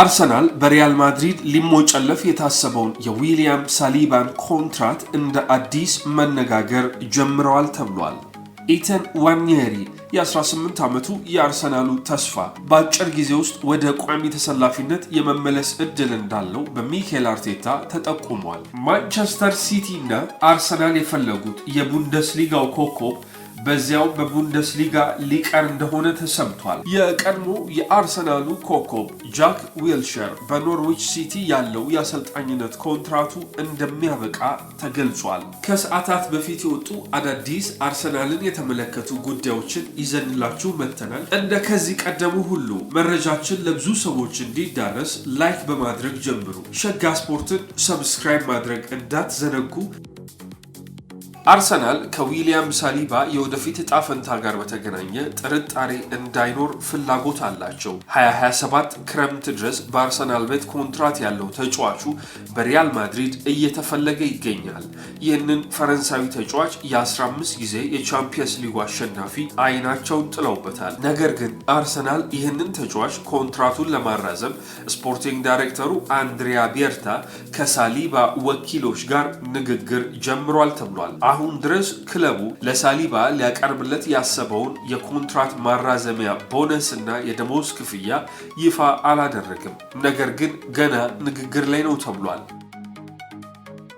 አርሰናል በሪያል ማድሪድ ሊሞጨለፍ የታሰበውን የዊሊያም ሳሊባን ኮንትራት እንደ አዲስ መነጋገር ጀምረዋል ተብሏል። ኢተን ዋኔሪ የ18 ዓመቱ የአርሰናሉ ተስፋ በአጭር ጊዜ ውስጥ ወደ ቋሚ ተሰላፊነት የመመለስ እድል እንዳለው በሚኬል አርቴታ ተጠቁሟል። ማንቸስተር ሲቲ እና አርሰናል የፈለጉት የቡንደስሊጋው ኮከብ በዚያው በቡንደስሊጋ ሊቀር እንደሆነ ተሰምቷል። የቀድሞ የአርሰናሉ ኮከብ ጃክ ዊልሸር በኖርዊች ሲቲ ያለው የአሰልጣኝነት ኮንትራቱ እንደሚያበቃ ተገልጿል። ከሰዓታት በፊት የወጡ አዳዲስ አርሰናልን የተመለከቱ ጉዳዮችን ይዘንላችሁ መጥተናል። እንደ ከዚህ ቀደሙ ሁሉ መረጃችን ለብዙ ሰዎች እንዲዳረስ ላይክ በማድረግ ጀምሩ። ሸጋ ስፖርትን ሰብስክራይብ ማድረግ እንዳትዘነጉ። አርሰናል ከዊሊያም ሳሊባ የወደፊት እጣ ፈንታ ጋር በተገናኘ ጥርጣሬ እንዳይኖር ፍላጎት አላቸው። 2027 ክረምት ድረስ በአርሰናል ቤት ኮንትራት ያለው ተጫዋቹ በሪያል ማድሪድ እየተፈለገ ይገኛል። ይህንን ፈረንሳዊ ተጫዋች የ15 ጊዜ የቻምፒየንስ ሊጉ አሸናፊ አይናቸውን ጥለውበታል። ነገር ግን አርሰናል ይህንን ተጫዋች ኮንትራቱን ለማራዘም ስፖርቲንግ ዳይሬክተሩ አንድሪያ ቤርታ ከሳሊባ ወኪሎች ጋር ንግግር ጀምሯል ተብሏል። አሁን ድረስ ክለቡ ለሳሊባ ሊያቀርብለት ያሰበውን የኮንትራት ማራዘሚያ ቦነስ ና የደሞዝ ክፍያ ይፋ አላደረግም። ነገር ግን ገና ንግግር ላይ ነው ተብሏል።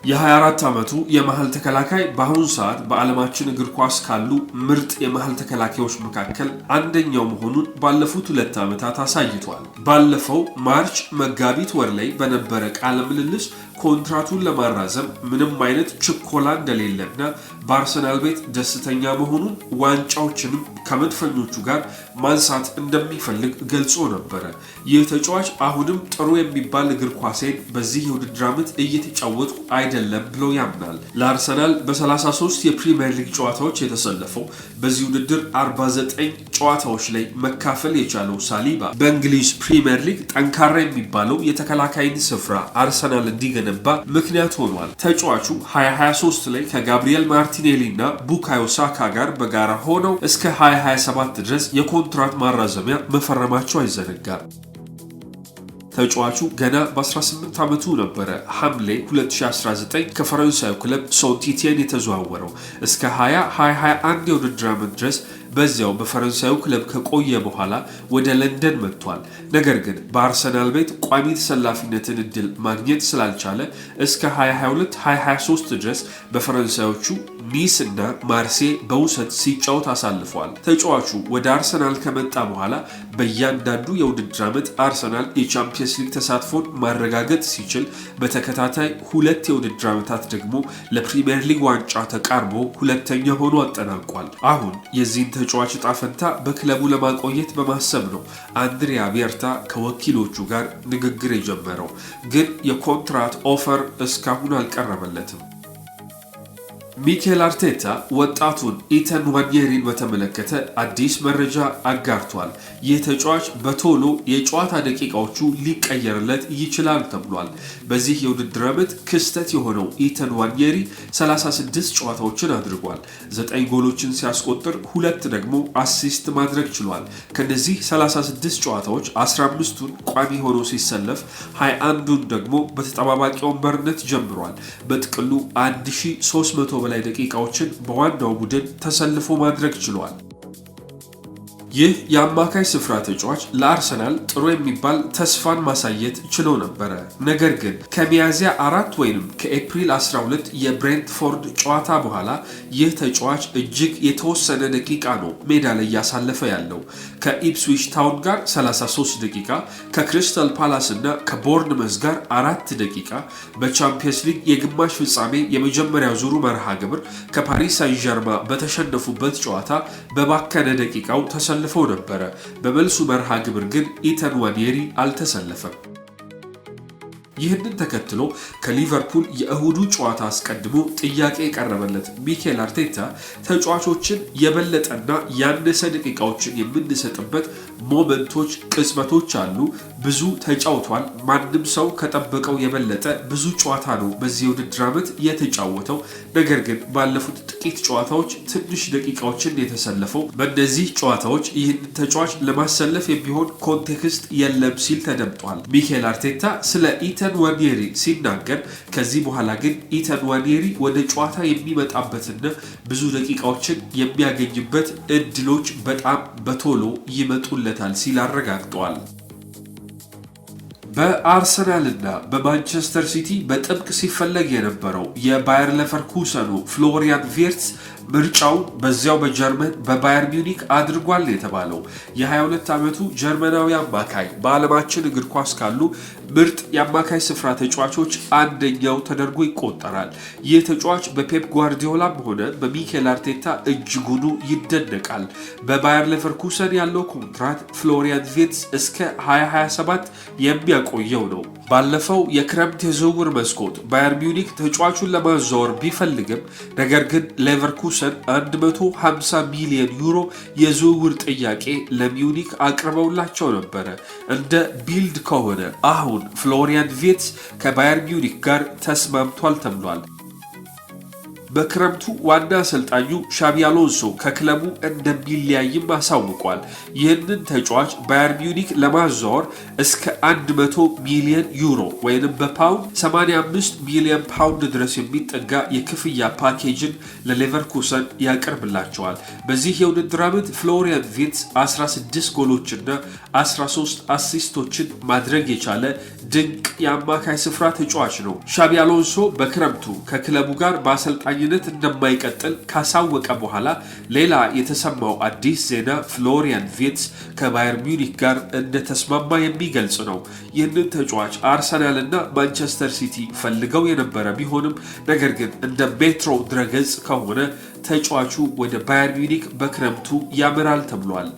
የ24 ዓመቱ የመሀል ተከላካይ በአሁኑ ሰዓት በዓለማችን እግር ኳስ ካሉ ምርጥ የመሀል ተከላካዮች መካከል አንደኛው መሆኑን ባለፉት ሁለት ዓመታት አሳይቷል። ባለፈው ማርች መጋቢት ወር ላይ በነበረ ቃለ ምልልስ ኮንትራቱን ለማራዘም ምንም አይነት ችኮላ እንደሌለና በአርሰናል ቤት ደስተኛ መሆኑን ዋንጫዎችንም ከመድፈኞቹ ጋር ማንሳት እንደሚፈልግ ገልጾ ነበረ። ይህ ተጫዋች አሁንም ጥሩ የሚባል እግር ኳሴን በዚህ የውድድር ዓመት እየተጫወቱ አይደለም ብሎ ያምናል። ለአርሰናል በ33 የፕሪምየር ሊግ ጨዋታዎች የተሰለፈው በዚህ ውድድር 49 ጨዋታዎች ላይ መካፈል የቻለው ሳሊባ በእንግሊዝ ፕሪምየር ሊግ ጠንካራ የሚባለው የተከላካይን ስፍራ አርሰናል እንዲገነባ ምክንያት ሆኗል። ተጫዋቹ 2023 ላይ ከጋብሪኤል ማርቲኔሊ እና ቡካዮ ሳካ ጋር በጋራ ሆነው እስከ 2027 ድረስ የኮንትራት ማራዘሚያ መፈረማቸው አይዘነጋም። ተጫዋቹ ገና በ18 ዓመቱ ነበረ ሐምሌ 2019 ከፈረንሳዩ ክለብ ሶንቲቴን የተዘዋወረው። እስከ 2021 የውድድር ዓመት ድረስ በዚያው በፈረንሳዩ ክለብ ከቆየ በኋላ ወደ ለንደን መጥቷል። ነገር ግን በአርሰናል ቤት ቋሚ ተሰላፊነትን እድል ማግኘት ስላልቻለ እስከ 2022/2023 ድረስ በፈረንሳዮቹ ኒስ እና ማርሴ በውሰት ሲጫወት አሳልፈዋል። ተጫዋቹ ወደ አርሰናል ከመጣ በኋላ በእያንዳንዱ የውድድር ዓመት አርሰናል የቻምፒየንስ ሊግ ተሳትፎን ማረጋገጥ ሲችል በተከታታይ ሁለት የውድድር ዓመታት ደግሞ ለፕሪምየር ሊግ ዋንጫ ተቃርቦ ሁለተኛ ሆኖ አጠናቋል። አሁን የዚህን ተጫዋች ዕጣ ፈንታ በክለቡ ለማቆየት በማሰብ ነው አንድሪያ ቤርታ ከወኪሎቹ ጋር ንግግር የጀመረው፣ ግን የኮንትራት ኦፈር እስካሁን አልቀረበለትም። ሚኬል አርቴታ ወጣቱን ኢተን ዋንየሪን በተመለከተ አዲስ መረጃ አጋርቷል። ይህ ተጫዋች በቶሎ የጨዋታ ደቂቃዎቹ ሊቀየርለት ይችላል ተብሏል። በዚህ የውድድር ዓመት ክስተት የሆነው ኢተን ዋንየሪ 36 ጨዋታዎችን አድርጓል። 9 ጎሎችን ሲያስቆጥር ሁለት ደግሞ አሲስት ማድረግ ችሏል። ከነዚህ 36 ጨዋታዎች 15ቱን ቋሚ ሆኖ ሲሰለፍ 21ዱን ደግሞ በተጠባባቂ ወንበርነት ጀምሯል። በጥቅሉ 1300 በላይ ደቂቃዎችን በዋናው ቡድን ተሰልፎ ማድረግ ችሏል። ይህ የአማካይ ስፍራ ተጫዋች ለአርሰናል ጥሩ የሚባል ተስፋን ማሳየት ችሎ ነበረ። ነገር ግን ከሚያዚያ አራት ወይም ከኤፕሪል 12 የብሬንትፎርድ ጨዋታ በኋላ ይህ ተጫዋች እጅግ የተወሰነ ደቂቃ ነው ሜዳ ላይ እያሳለፈ ያለው። ከኢፕስዊች ታውን ጋር 33 ደቂቃ፣ ከክሪስታል ፓላስ እና ከቦርንመዝ ጋር አራት ደቂቃ፣ በቻምፒየንስ ሊግ የግማሽ ፍጻሜ የመጀመሪያ ዙሩ መርሃ ግብር ከፓሪስ ዠርማ በተሸነፉበት ጨዋታ በባከነ ደቂቃው ተሰ ተሰልፈው ነበረ። በመልሱ መርሃ ግብር ግን ኢተን ዋኔሪ አልተሰለፈም። ይህንን ተከትሎ ከሊቨርፑል የእሁዱ ጨዋታ አስቀድሞ ጥያቄ የቀረበለት ሚኬል አርቴታ ተጫዋቾችን የበለጠና ያነሰ ደቂቃዎችን የምንሰጥበት ሞመንቶች፣ ቅጽበቶች አሉ ብዙ ተጫውቷል። ማንም ሰው ከጠበቀው የበለጠ ብዙ ጨዋታ ነው በዚህ የውድድር ዓመት የተጫወተው። ነገር ግን ባለፉት ጥቂት ጨዋታዎች ትንሽ ደቂቃዎችን የተሰለፈው፣ በእነዚህ ጨዋታዎች ይህንን ተጫዋች ለማሰለፍ የሚሆን ኮንቴክስት የለም ሲል ተደምጧል። ሚኬል አርቴታ ስለ ኢተን ዋኔሪ ሲናገር ከዚህ በኋላ ግን ኢተን ዋኔሪ ወደ ጨዋታ የሚመጣበትና ብዙ ደቂቃዎችን የሚያገኝበት እድሎች በጣም በቶሎ ይመጡለታል ሲል አረጋግጧል። በአርሰናልና በማንቸስተር ሲቲ በጥብቅ ሲፈለግ የነበረው የባየር ለቨርኩሰኑ ፍሎሪያን ቪርትስ ምርጫውን በዚያው በጀርመን በባየር ሚኒክ አድርጓል የተባለው የ22 ዓመቱ ጀርመናዊ አማካይ በዓለማችን እግር ኳስ ካሉ ምርጥ የአማካይ ስፍራ ተጫዋቾች አንደኛው ተደርጎ ይቆጠራል። ይህ ተጫዋች በፔፕ ጓርዲዮላም ሆነ በሚኬል አርቴታ እጅጉኑ ይደነቃል። በባየር ሌቨርኩሰን ያለው ኮንትራት ፍሎሪያን ቬትስ እስከ 2027 የሚያቆየው ነው። ባለፈው የክረምት የዝውውር መስኮት ባየር ሚውኒክ ተጫዋቹን ለማዛወር ቢፈልግም ነገር ግን ሌቨርኩሰን 150 ሚሊዮን ዩሮ የዝውውር ጥያቄ ለሚውኒክ አቅርበውላቸው ነበረ። እንደ ቢልድ ከሆነ አሁን ፍሎሪያን ቬትስ ከባየር ሚውኒክ ጋር ተስማምቷል ተብሏል። በክረምቱ ዋና አሰልጣኙ ሻቢ አሎንሶ ከክለቡ እንደሚለያይም አሳውቋል። ይህንን ተጫዋች ባየር ሚዩኒክ ለማዛወር እስከ 100 ሚሊዮን ዩሮ ወይም በፓውንድ 85 ሚሊዮን ፓውንድ ድረስ የሚጠጋ የክፍያ ፓኬጅን ለሌቨርኩሰን ያቀርብላቸዋል። በዚህ የውድድር ዓመት ፍሎሪያን ቪርትዝ 16 ጎሎችና 13 አሲስቶችን ማድረግ የቻለ ድንቅ የአማካይ ስፍራ ተጫዋች ነው። ሻቢ አሎንሶ በክረምቱ ከክለቡ ጋር በአሰልጣኝ አሰልጣኝነት እንደማይቀጥል ካሳወቀ በኋላ ሌላ የተሰማው አዲስ ዜና ፍሎሪያን ቪትስ ከባየር ሚኒክ ጋር እንደተስማማ የሚገልጽ ነው። ይህንን ተጫዋች አርሰናል እና ማንቸስተር ሲቲ ፈልገው የነበረ ቢሆንም ነገር ግን እንደ ሜትሮ ድረገጽ ከሆነ ተጫዋቹ ወደ ባየር ሚኒክ በክረምቱ ያምራል ተብሏል።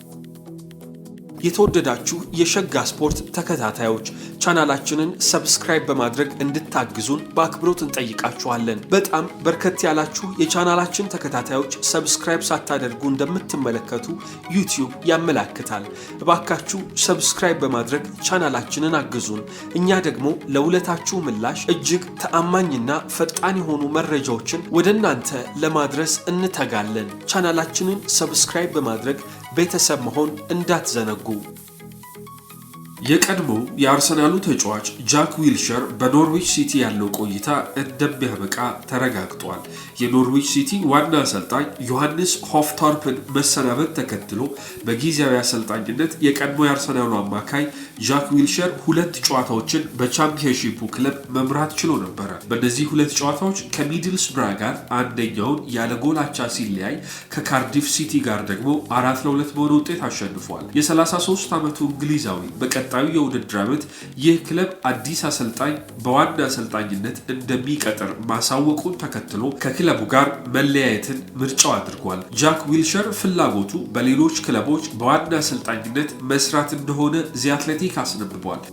የተወደዳችሁ የሸጋ ስፖርት ተከታታዮች ቻናላችንን ሰብስክራይብ በማድረግ እንድታግዙን በአክብሮት እንጠይቃችኋለን። በጣም በርከት ያላችሁ የቻናላችን ተከታታዮች ሰብስክራይብ ሳታደርጉ እንደምትመለከቱ ዩቲዩብ ያመላክታል። እባካችሁ ሰብስክራይብ በማድረግ ቻናላችንን አግዙን። እኛ ደግሞ ለውለታችሁ ምላሽ እጅግ ተአማኝና ፈጣን የሆኑ መረጃዎችን ወደ እናንተ ለማድረስ እንተጋለን። ቻናላችንን ሰብስክራይብ በማድረግ ቤተሰብ መሆን እንዳትዘነጉ። የቀድሞ የአርሰናሉ ተጫዋች ጃክ ዊልሸር በኖርዊች ሲቲ ያለው ቆይታ እንደሚያበቃ ተረጋግጧል። የኖርዊች ሲቲ ዋና አሰልጣኝ ዮሐንስ ሆፍታርፕን መሰናበት ተከትሎ በጊዜያዊ አሰልጣኝነት የቀድሞ የአርሰናሉ አማካይ ጃክ ዊልሸር ሁለት ጨዋታዎችን በቻምፒየንሺፑ ክለብ መምራት ችሎ ነበረ። በእነዚህ ሁለት ጨዋታዎች ከሚድልስብራ ጋር አንደኛውን ያለ ጎላቻ ሲለያይ፣ ከካርዲፍ ሲቲ ጋር ደግሞ አራት ለሁለት በሆነ ውጤት አሸንፏል። የ33 ዓመቱ እንግሊዛዊ በቀ በቀጣዩ የውድድር ዓመት ይህ ክለብ አዲስ አሰልጣኝ በዋና አሰልጣኝነት እንደሚቀጥር ማሳወቁን ተከትሎ ከክለቡ ጋር መለያየትን ምርጫው አድርጓል። ጃክ ዊልሸር ፍላጎቱ በሌሎች ክለቦች በዋና አሰልጣኝነት መስራት እንደሆነ ዚ አትሌቲክ አስነብቧል።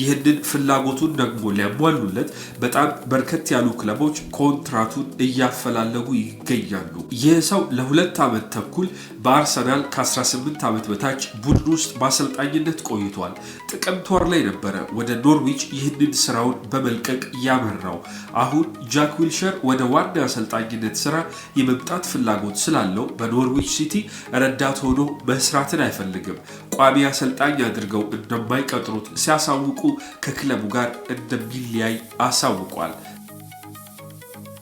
ይህንን ፍላጎቱን ደግሞ ሊያሟሉለት በጣም በርከት ያሉ ክለቦች ኮንትራቱን እያፈላለጉ ይገኛሉ። ይህ ሰው ለሁለት ዓመት ተኩል በአርሰናል ከ18 ዓመት በታች ቡድን ውስጥ በአሰልጣኝነት ቆይቷል። ጥቅምት ወር ላይ ነበረ ወደ ኖርዊች ይህንን ስራውን በመልቀቅ ያመራው። አሁን ጃክ ዊልሸር ወደ ዋና አሰልጣኝነት ስራ የመምጣት ፍላጎት ስላለው በኖርዊች ሲቲ ረዳት ሆኖ መስራትን አይፈልግም። ቋሚ አሰልጣኝ አድርገው እንደማይቀጥሩት ሲያሳውቁ ከክለቡ ጋር እንደሚለያይ አሳውቋል።